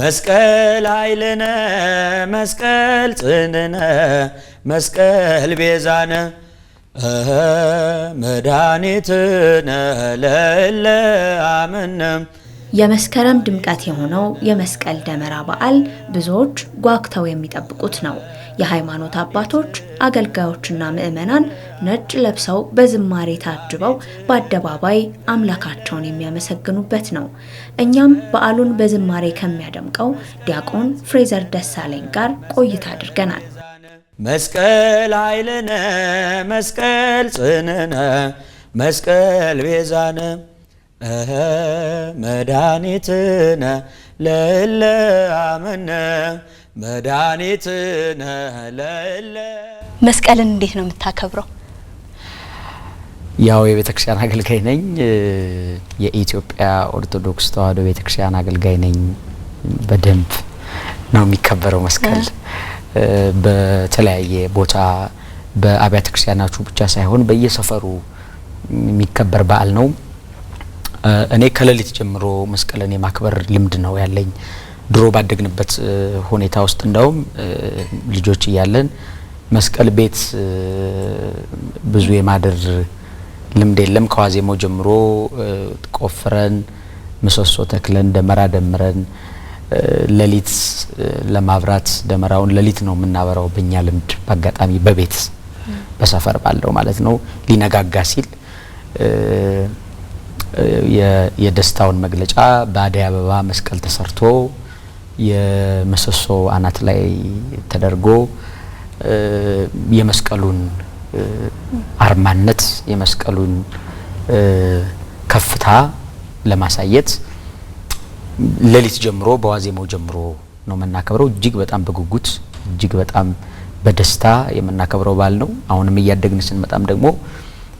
መስቀል ኃይልነ መስቀል ጽንዕነ መስቀል ቤዛነ መድኃኒትነ ለእለ አመነ የመስከረም ድምቀት የሆነው የመስቀል ደመራ በዓል ብዙዎች ጓግተው የሚጠብቁት ነው። የሃይማኖት አባቶች፣ አገልጋዮችና ምዕመናን ነጭ ለብሰው በዝማሬ ታጅበው በአደባባይ አምላካቸውን የሚያመሰግኑበት ነው። እኛም በዓሉን በዝማሬ ከሚያደምቀው ዲያቆን ፍሬዘር ደሳለኝ ጋር ቆይታ አድርገናል። መስቀል ኃይልነ መስቀል ጽንነ መስቀል ቤዛነ መድኃኒትነ ለለ አመነ መድኃኒትነ ለለ መስቀልን እንዴት ነው የምታከብረው? ያው የቤተ ክርስቲያን አገልጋይ ነኝ። የኢትዮጵያ ኦርቶዶክስ ተዋሕዶ ቤተ ክርስቲያን አገልጋይ ነኝ። በደንብ ነው የሚከበረው መስቀል። በተለያየ ቦታ በአብያተ ክርስቲያናቹ ብቻ ሳይሆን በየሰፈሩ የሚከበር በዓል ነው። እኔ ከሌሊት ጀምሮ መስቀልን የማክበር ልምድ ነው ያለኝ። ድሮ ባደግንበት ሁኔታ ውስጥ እንደውም ልጆች እያለን መስቀል ቤት ብዙ የማደር ልምድ የለም። ከዋዜማው ጀምሮ ቆፍረን ምሰሶ ተክለን ደመራ ደምረን ሌሊት ለማብራት ደመራውን ሌሊት ነው የምናበራው በእኛ ልምድ። በአጋጣሚ በቤት በሰፈር ባለው ማለት ነው ሊነጋጋ ሲል የደስታውን መግለጫ በአደይ አበባ መስቀል ተሰርቶ የምሰሶ አናት ላይ ተደርጎ የመስቀሉን አርማነት የመስቀሉን ከፍታ ለማሳየት ሌሊት ጀምሮ በዋዜማው ጀምሮ ነው የምናከብረው። እጅግ በጣም በጉጉት እጅግ በጣም በደስታ የምናከብረው በዓል ነው። አሁንም እያደግን ስንመጣም ደግሞ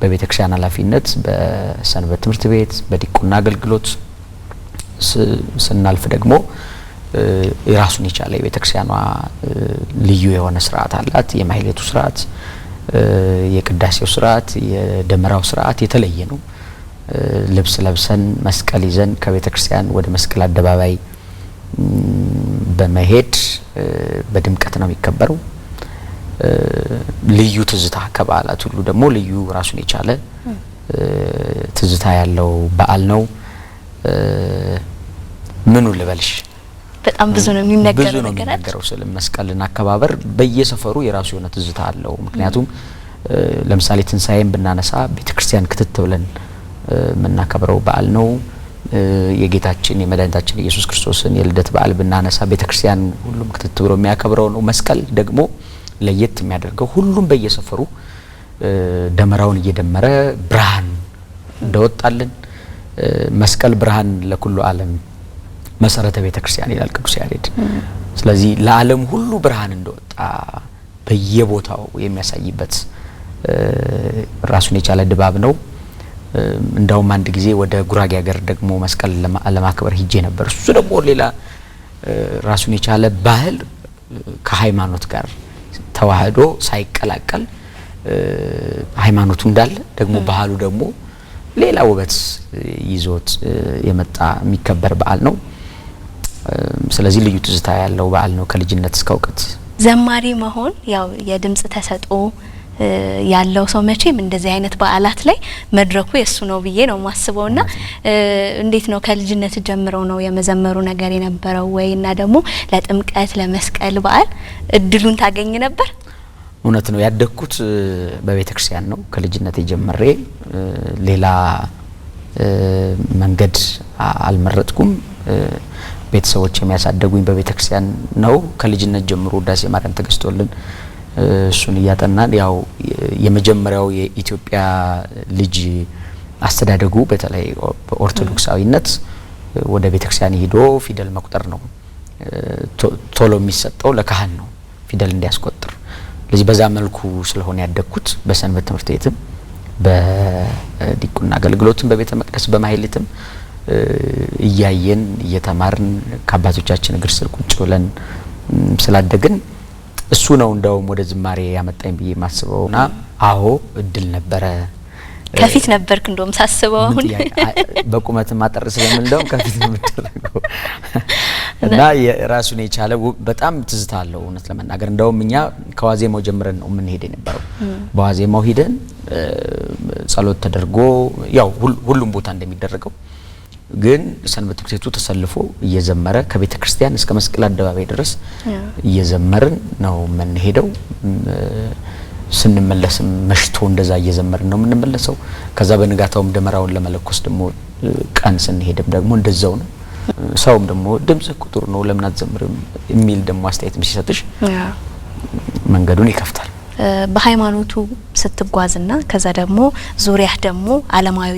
በቤተ ክርስቲያን ኃላፊነት በሰንበት ትምህርት ቤት በዲቁና አገልግሎት ስናልፍ ደግሞ የራሱን የቻለ የቤተ ክርስቲያኗ ልዩ የሆነ ስርዓት አላት። የማህሌቱ ስርዓት፣ የቅዳሴው ስርዓት፣ የደመራው ስርዓት የተለየ ነው። ልብስ ለብሰን መስቀል ይዘን ከቤተ ክርስቲያን ወደ መስቀል አደባባይ በመሄድ በድምቀት ነው የሚከበረው። ልዩ ትዝታ ከበዓላት ሁሉ ደግሞ ልዩ ራሱን የቻለ ትዝታ ያለው በዓል ነው። ምኑ ልበልሽ በጣም ብዙ ነው የሚነገረው የሚነገረው ስለ መስቀልን አከባበር በየሰፈሩ የራሱ የሆነ ትዝታ አለው። ምክንያቱም ለምሳሌ ትንሳኤን ብናነሳ ቤተክርስቲያን ክትት ብለን የምናከብረው በዓል ነው። የጌታችን የመድኃኒታችን ኢየሱስ ክርስቶስን የልደት በዓል ብናነሳ ቤተክርስቲያን ሁሉም ክትት ብሎ የሚያከብረው ነው። መስቀል ደግሞ ለየት የሚያደርገው ሁሉም በየሰፈሩ ደመራውን እየደመረ ብርሃን እንደወጣልን መስቀል ብርሃን ለኩሉ ዓለም መሰረተ ቤተ ክርስቲያን ይላል ቅዱስ ያሬድ። ስለዚህ ለዓለም ሁሉ ብርሃን እንደወጣ በየቦታው የሚያሳይበት ራሱን የቻለ ድባብ ነው። እንዳውም አንድ ጊዜ ወደ ጉራጌ ሀገር ደግሞ መስቀል ለማክበር ሂጄ ነበር። እሱ ደግሞ ሌላ ራሱን የቻለ ባህል ከሃይማኖት ጋር ተዋህዶ ሳይቀላቀል ሃይማኖቱ እንዳለ ደግሞ ባህሉ ደግሞ ሌላ ውበት ይዞት የመጣ የሚከበር በዓል ነው። ስለዚህ ልዩ ትዝታ ያለው በዓል ነው። ከልጅነት እስከ እውቀት ዘማሪ መሆን ያው የድምጽ ተሰጥኦ ያለው ሰው መቼም እንደዚህ አይነት በዓላት ላይ መድረኩ የእሱ ነው ብዬ ነው የማስበው። ና እንዴት ነው ከልጅነት ጀምረው ነው የመዘመሩ ነገር የነበረው ወይ? እና ደግሞ ለጥምቀት ለመስቀል በዓል እድሉን ታገኝ ነበር? እውነት ነው ያደግኩት በቤተ ክርስቲያን ነው። ከልጅነት ጀምሬ ሌላ መንገድ አልመረጥኩም። ቤተሰቦች የሚያሳደጉኝ በቤተ ክርስቲያን ነው። ከልጅነት ጀምሮ ውዳሴ ማርያም ተገዝቶልን እሱን እያጠናን ያው የመጀመሪያው የኢትዮጵያ ልጅ አስተዳደጉ በተለይ በኦርቶዶክሳዊነት ወደ ቤተክርስቲያን ሄዶ ፊደል መቁጠር ነው። ቶሎ የሚሰጠው ለካህን ነው ፊደል እንዲያስቆጥር። ስለዚህ በዛ መልኩ ስለሆነ ያደግኩት በሰንበት ትምህርት ቤትም በዲቁና አገልግሎትም በቤተ መቅደስ በማህሌትም እያየን እየተማርን ከአባቶቻችን እግር ስር ቁጭ ብለን ስላደግን እሱ ነው እንደውም ወደ ዝማሬ ያመጣኝ ብዬ ማስበው ና አዎ እድል ነበረ። ከፊት ነበርክ እንደውም ሳስበው፣ አሁን በቁመት ማጠር ስለምል እንደውም ከፊት ነው የምደረገው እና የራሱን የቻለ በጣም ትዝታ አለው። እውነት ለመናገር እንደውም እኛ ከዋዜማው ጀምረን ነው የምንሄድ የነበረው። በዋዜማው ሂደን ጸሎት ተደርጎ ያው ሁሉም ቦታ እንደሚደረገው ግን ሰንበት ትምህርት ቤቱ ተሰልፎ እየዘመረ ከቤተ ክርስቲያን እስከ መስቀል አደባባይ ድረስ እየዘመርን ነው የምንሄደው። ስንመለስም መሽቶ እንደዛ እየዘመርን ነው የምንመለሰው። ከዛ በንጋታውም ደመራውን ለመለኮስ ደግሞ ቀን ስንሄድም ደግሞ እንደዛው ነው። ሰውም ደግሞ ድምጽህ ቁጥር ነው ለምን አትዘምርም የሚል ደግሞ አስተያየትም ሲሰጥሽ መንገዱን ይከፍታል። በሃይማኖቱ ስትጓዝና ከዛ ደግሞ ዙሪያህ ደግሞ አለማዊ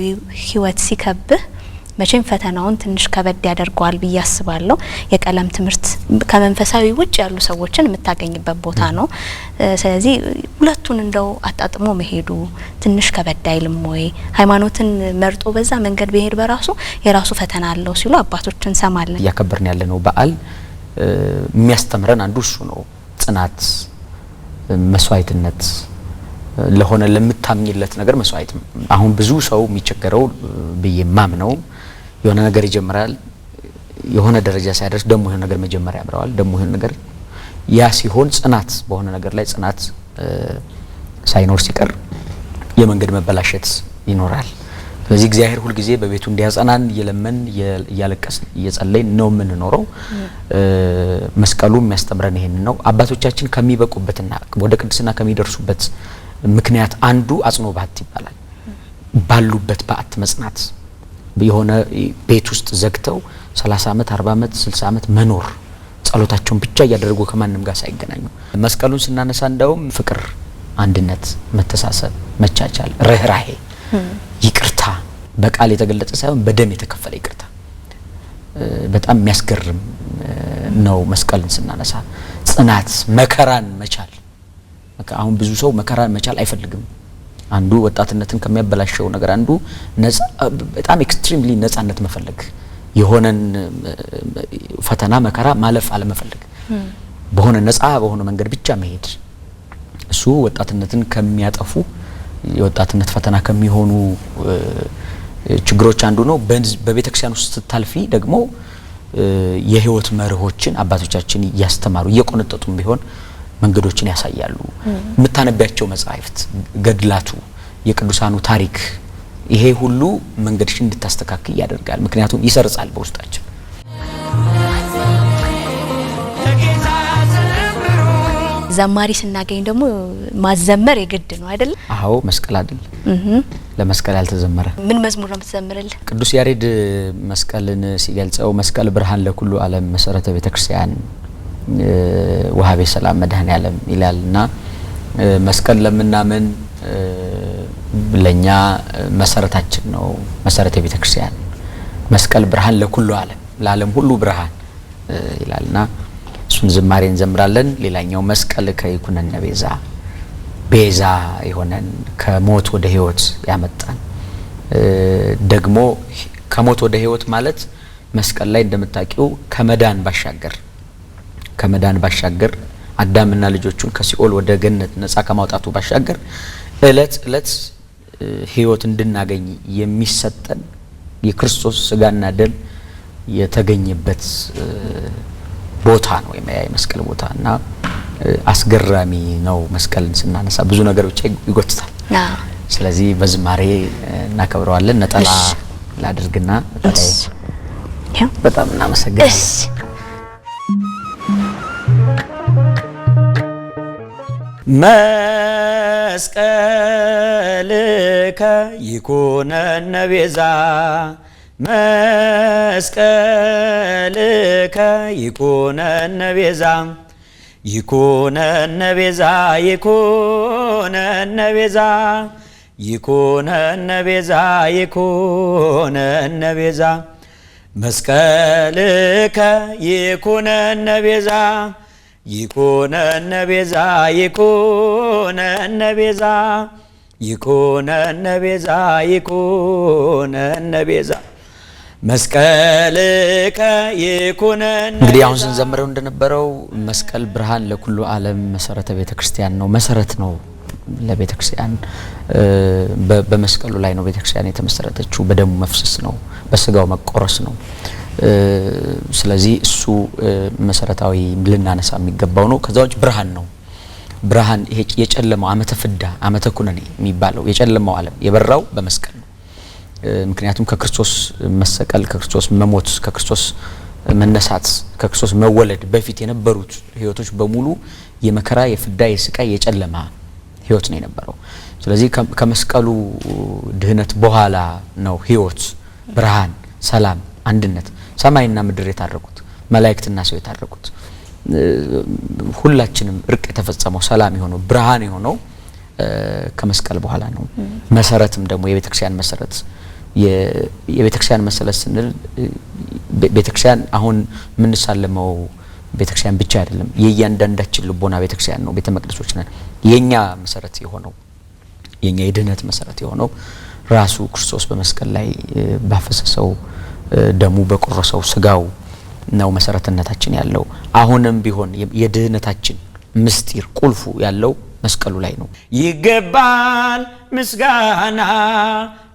ህይወት ሲከብህ መቼም ፈተናውን ትንሽ ከበድ ያደርገዋል ብዬ አስባለሁ። የቀለም ትምህርት ከመንፈሳዊ ውጭ ያሉ ሰዎችን የምታገኝበት ቦታ ነው። ስለዚህ ሁለቱን እንደው አጣጥሞ መሄዱ ትንሽ ከበድ አይልም ወይ? ሃይማኖትን መርጦ በዛ መንገድ ብሄድ በራሱ የራሱ ፈተና አለው ሲሉ አባቶች እንሰማለን። እያከበርን ያለ ነው በዓል የሚያስተምረን አንዱ እሱ ነው። ጽናት፣ መስዋዕትነት ለሆነ ለምታምኝለት ነገር መስዋዕት። አሁን ብዙ ሰው የሚቸገረው ብዬ ማምነው የሆነ ነገር ይጀምራል። የሆነ ደረጃ ሳይደርስ ደግሞ የሆነ ነገር መጀመሪያ ያብረዋል። ደግሞ የሆነ ነገር ያ ሲሆን ጽናት በሆነ ነገር ላይ ጽናት ሳይኖር ሲቀር የመንገድ መበላሸት ይኖራል። ስለዚህ እግዚአብሔር ሁልጊዜ በቤቱ እንዲያጸናን እየለመን እያለቀስ እየጸለይን ነው የምንኖረው። መስቀሉ የሚያስተምረን ይሄንን ነው። አባቶቻችን ከሚበቁበትና ወደ ቅድስና ከሚደርሱበት ምክንያት አንዱ አጽኖ ባት ይባላል። ባሉበት በዓት መጽናት የሆነ ቤት ውስጥ ዘግተው 30 ዓመት 40 ዓመት 60 ዓመት መኖር ጸሎታቸውን ብቻ እያደረጉ ከማንም ጋር ሳይገናኙ መስቀሉን ስናነሳ እንደውም ፍቅር፣ አንድነት፣ መተሳሰብ፣ መቻቻል፣ ርኅራሄ፣ ይቅርታ በቃል የተገለጸ ሳይሆን በደም የተከፈለ ይቅርታ በጣም የሚያስገርም ነው። መስቀልን ስናነሳ ጽናት፣ መከራን መቻል አሁን ብዙ ሰው መከራን መቻል አይፈልግም። አንዱ ወጣትነትን ከሚያበላሸው ነገር አንዱ በጣም ኤክስትሪምሊ ነጻነት መፈለግ የሆነን ፈተና መከራ ማለፍ አለመፈለግ በሆነ ነጻ በሆነ መንገድ ብቻ መሄድ እሱ ወጣትነትን ከሚያጠፉ የወጣትነት ፈተና ከሚሆኑ ችግሮች አንዱ ነው። በቤተክርስቲያን ውስጥ ስታልፊ ደግሞ የህይወት መርሆችን አባቶቻችን እያስተማሩ እየቆነጠጡም ቢሆን መንገዶችን ያሳያሉ። የምታነቢያቸው መጽሐፍት፣ ገድላቱ፣ የቅዱሳኑ ታሪክ ይሄ ሁሉ መንገድሽን እንድታስተካክል ያደርጋል። ምክንያቱም ይሰርጻል በውስጣችን። ዘማሪ ስናገኝ ደግሞ ማዘመር የግድ ነው አይደል? አዎ መስቀል አይደል? ለመስቀል ያልተዘመረ ምን መዝሙር ነው የምትዘምርልን? ቅዱስ ያሬድ መስቀልን ሲገልጸው መስቀል ብርሃን ለኩሉ ዓለም መሰረተ ቤተክርስቲያን ውሃቤ ሰላም መድኃኔዓለም ይላል እና መስቀል ለምናምን ለእኛ መሰረታችን ነው። መሰረት የቤተ ክርስቲያን መስቀል ብርሃን ለኩሉ ዓለም ለዓለም ሁሉ ብርሃን ይላልና እሱን ዝማሬ እንዘምራለን። ሌላኛው መስቀል ከይኩነነ ቤዛ ቤዛ የሆነን ከሞት ወደ ህይወት ያመጣን ደግሞ ከሞት ወደ ህይወት ማለት መስቀል ላይ እንደምታውቂው ከመዳን ባሻገር ከመዳን ባሻገር አዳምና ልጆቹን ከሲኦል ወደ ገነት ነጻ ከማውጣቱ ባሻገር እለት እለት ህይወት እንድናገኝ የሚሰጠን የክርስቶስ ስጋና ደም የተገኘበት ቦታ ነው የመስቀል ቦታ እና አስገራሚ ነው። መስቀልን ስናነሳ ብዙ ነገር ብቻ ይጎትታል። ስለዚህ በዝማሬ እናከብረዋለን። ነጠላ ላድርግና በጣም እናመሰግናለን። መስቀልከ ይኩነነ ቤዛ መስቀልከ ይኩነነ ቤዛ ይኩነነ ቤዛ ይኩነነ ቤዛ ይኩነነ ቤዛ ይኩነነ ቤዛ መስቀልከ ይኩነነ ቤዛ ይኩነነ ቤዛ ይኩነነ ቤዛ ይኩነነ ቤዛ ይኩነነ ቤዛ መስቀልከ ይኩነነ። እንግዲህ አሁን ስንዘምረው እንደነበረው መስቀል ብርሃን ለኩሉ ዓለም መሰረተ ቤተ ክርስቲያን ነው፣ መሰረት ነው ለቤተ ክርስቲያን። በመስቀሉ ላይ ነው ቤተ ክርስቲያን የተመሰረተችው። በደሙ መፍሰስ ነው፣ በስጋው መቆረስ ነው። ስለዚህ እሱ መሰረታዊ ልናነሳ የሚገባው ነው። ከዛ ውጭ ብርሃን ነው። ብርሃን ይሄ የጨለማው ፍዳ አመተ ኩነኔ የሚባለው የጨለማው ዓለም የበራው በመስቀል ነው። ምክንያቱም ከክርስቶስ መሰቀል፣ ከክርስቶስ መሞት፣ ከክርስቶስ መነሳት፣ ከክርስቶስ መወለድ በፊት የነበሩት ህይወቶች በሙሉ የመከራ የፍዳ የስቃይ የጨለማ ህይወት ነው የነበረው። ስለዚህ ከመስቀሉ ድህነት በኋላ ነው ህይወት፣ ብርሃን፣ ሰላም፣ አንድነት ሰማይና ምድር የታረቁት መላእክትና ሰው የታረቁት ሁላችንም እርቅ የተፈጸመው ሰላም የሆነው ብርሃን የሆነው ከመስቀል በኋላ ነው። መሰረትም ደግሞ የቤተክርስቲያን መሰረት የቤተክርስቲያን መሰረት ስንል ቤተክርስቲያን አሁን የምንሳለመው ቤተክርስቲያን ብቻ አይደለም። የእያንዳንዳችን ልቦና ቤተክርስቲያን ነው። ቤተ መቅደሶች ነን። የእኛ መሰረት የሆነው የእኛ የድህነት መሰረት የሆነው ራሱ ክርስቶስ በመስቀል ላይ ባፈሰሰው ደሙ በቆረሰው ስጋው ነው መሰረትነታችን ያለው። አሁንም ቢሆን የድህነታችን ምስጢር ቁልፉ ያለው መስቀሉ ላይ ነው። ይገባል ምስጋና፣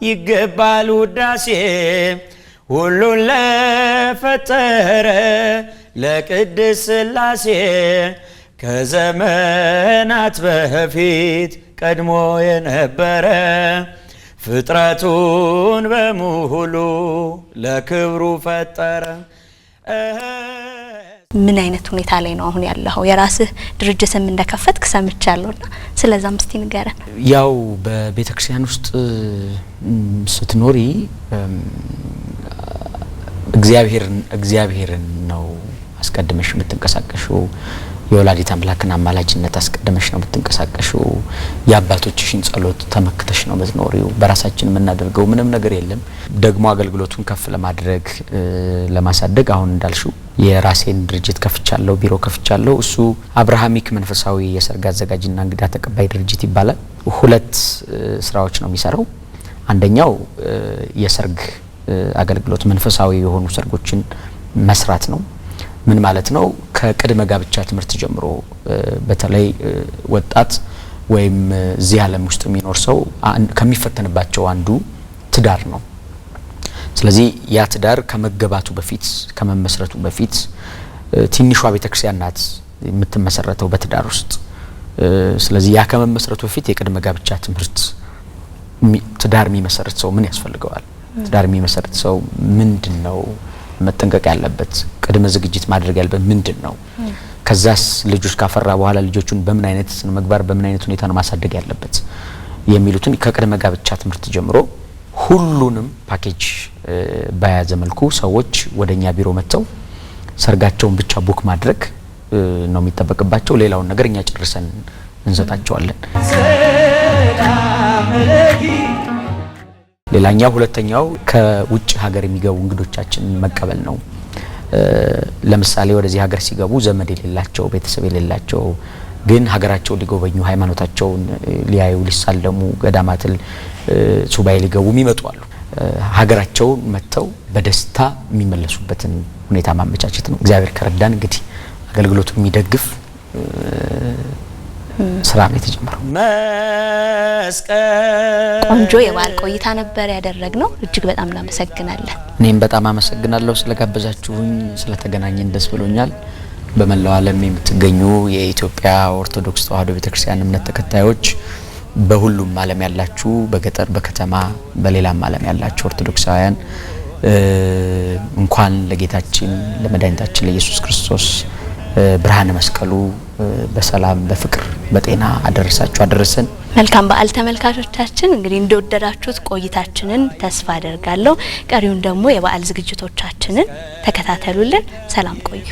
ይገባል ውዳሴ ሁሉን ለፈጠረ ለቅድስ ሥላሴ ከዘመናት በፊት ቀድሞ የነበረ ፍጥረቱን በሙሉ ለክብሩ ፈጠረ። ምን አይነት ሁኔታ ላይ ነው አሁን ያለኸው? የራስህ ድርጅትም እንደከፈትክ ሰምቻለሁና ስለዛም እስቲ ንገረን። ያው በቤተ ክርስቲያን ውስጥ ስትኖሪ እግዚአብሔርን እግዚአብሔርን ነው አስቀድመሽ የምትንቀሳቀሽው የወላዲት አምላክን አማላጅነት አስቀድመሽ ነው የምትንቀሳቀሽው። የአባቶችሽን ጸሎት ተመክተሽ ነው ምትኖሪው። በራሳችን የምናደርገው ምንም ነገር የለም። ደግሞ አገልግሎቱን ከፍ ለማድረግ ለማሳደግ አሁን እንዳልሽው የራሴን ድርጅት ከፍቻለሁ፣ ቢሮ ከፍቻለሁ። እሱ አብርሃሚክ መንፈሳዊ የሰርግ አዘጋጅና እንግዳ ተቀባይ ድርጅት ይባላል። ሁለት ስራዎች ነው የሚሰራው። አንደኛው የሰርግ አገልግሎት መንፈሳዊ የሆኑ ሰርጎችን መስራት ነው። ምን ማለት ነው? ከቅድመ ጋብቻ ትምህርት ጀምሮ በተለይ ወጣት ወይም እዚህ ዓለም ውስጥ የሚኖር ሰው ከሚፈተንባቸው አንዱ ትዳር ነው። ስለዚህ ያ ትዳር ከመገባቱ በፊት ከመመስረቱ በፊት ትንሿ ክርስቲያን ናት የምትመሰረተው በትዳር ውስጥ። ስለዚህ ያ ከመመስረቱ በፊት የቅድመ ጋብቻ ትምህርት ትዳር የሚመሰርት ሰው ምን ያስፈልገዋል? ትዳር የሚመሰርት ሰው ምንድን ነው መጠንቀቅ ያለበት ቅድመ ዝግጅት ማድረግ ያለበት ምንድን ነው? ከዛስ ልጆች ካፈራ በኋላ ልጆቹን በምን አይነት ስነ ምግባር በምን አይነት ሁኔታ ነው ማሳደግ ያለበት የሚሉትን ከቅድመ ጋብቻ ትምህርት ጀምሮ ሁሉንም ፓኬጅ በያዘ መልኩ ሰዎች ወደ እኛ ቢሮ መጥተው ሰርጋቸውን ብቻ ቡክ ማድረግ ነው የሚጠበቅባቸው። ሌላውን ነገር እኛ ጨርሰን እንሰጣቸዋለን። ሌላኛው ሁለተኛው ከውጭ ሀገር የሚገቡ እንግዶቻችን መቀበል ነው። ለምሳሌ ወደዚህ ሀገር ሲገቡ ዘመድ የሌላቸው ቤተሰብ የሌላቸው ግን ሀገራቸው ሊጎበኙ ሃይማኖታቸውን ሊያዩ ሊሳለሙ ገዳማትን ሱባኤ ሊገቡ የሚመጡ አሉ። ሀገራቸውን መጥተው በደስታ የሚመለሱበትን ሁኔታ ማመቻቸት ነው። እግዚአብሔር ከረዳን እንግዲህ አገልግሎቱ የሚደግፍ ስራ ነው የተጀመረው። ቆንጆ የበዓል ቆይታ ነበር ያደረግነው። እጅግ በጣም እናመሰግናለን። እኔም በጣም አመሰግናለሁ ስለጋበዛችሁኝ፣ ስለተገናኘን ደስ ብሎኛል። በመላው ዓለም የምትገኙ የኢትዮጵያ ኦርቶዶክስ ተዋሕዶ ቤተክርስቲያን እምነት ተከታዮች በሁሉም ዓለም ያላችሁ በገጠር በከተማ በሌላም ዓለም ያላችሁ ኦርቶዶክሳውያን እንኳን ለጌታችን ለመድኃኒታችን ለኢየሱስ ክርስቶስ ብርሃነ መስቀሉ በሰላም በፍቅር በጤና አደረሳችሁ አደረሰን። መልካም በዓል ተመልካቾቻችን። እንግዲህ እንደወደዳችሁት ቆይታችንን ተስፋ አደርጋለሁ። ቀሪውን ደግሞ የበዓል ዝግጅቶቻችንን ተከታተሉልን። ሰላም ቆዩ።